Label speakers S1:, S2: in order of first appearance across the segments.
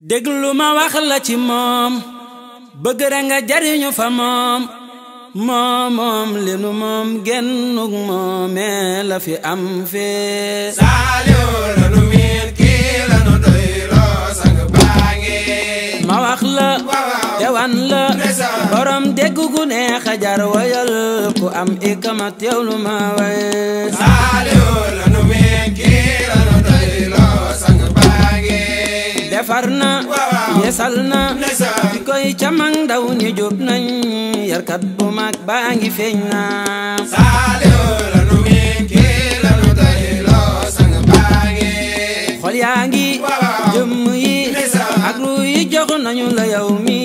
S1: déglu ma wax la ci mom bëgg ra nga jariñu fa mom moom li nu moom gennuk la fi am fee salio la nu mir ki la nu doy loo sang bangé ma wax la tewan la borom deggu gu ne xajar wayal ku am ikamat yow ma way salio la defar na yeesal na di koy camang ndaw ñi jóg nañ yarkat bu mag baa ngi feeñ na Saliou la nu ngi la nu tayloo baa ngi xol yaa ngi jëmm yi ak ru jox nañu la yow mi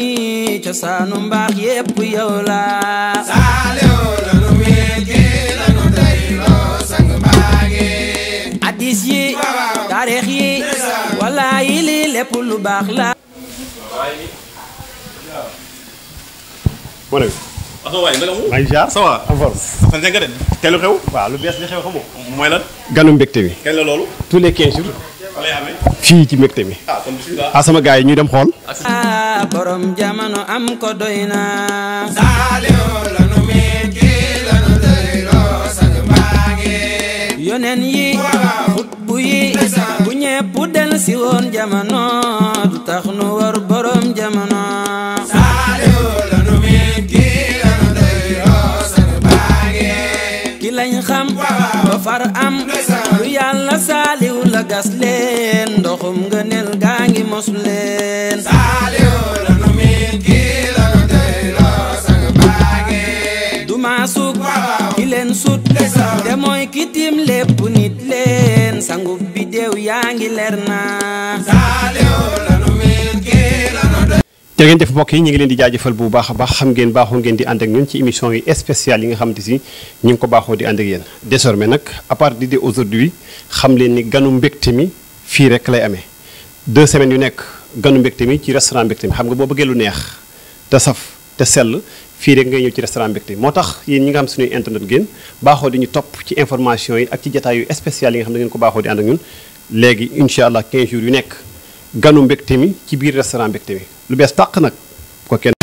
S1: cosaanu mbaax yépp yow la Saliou la nu ngi la nu tayloo baa ngi hadis yi taarix yi walaay lépp lu baax la.
S2: Bonne tous les 15 jours. Ah, ah, ah,
S1: oui ñépp del si woon jamono du tax nu war borom jamono saaliw lanu miin kii lanu doy roo sanu baage ki lañ xam ba far am lu yàlla saaliw la gas leen ndoxum ngëneel gaa ngi mos leen ki leen sut te mooy ki lépp nit leen sangub bi déew yaa ngi leer naa
S2: jërë ngeen def mbokk yi ñu ngi leen di jaajëfal bu baax a baax xam ngeen baaxoo ngeen di ànd ñun ci émission yi spéciale yi nga xamante si ñu ngi ko baaxoo di ànd ak nag à partir de aujourd'hui xam leen ni ganu mbégte mi fii rek lay ame deux semaines yu nekk ganu mbégte mi ci restaurant mbégte mi xam nga boo bëggee lu neex te saf te sell fii rek ngay ñëw ci restaurant Mbecté moo tax yéen ñi nga xam suñuy internet ngeen baaxoo di ñu topp ci information yi ak ci jataayu spécial yi nga xam ne ngeen ko baaxoo di ànd ak ñun léegi incha allah 15 jours yu nekk ganu Mbecté mi ci biir restaurant Mbecté mi lu bees tàq nag ko kenn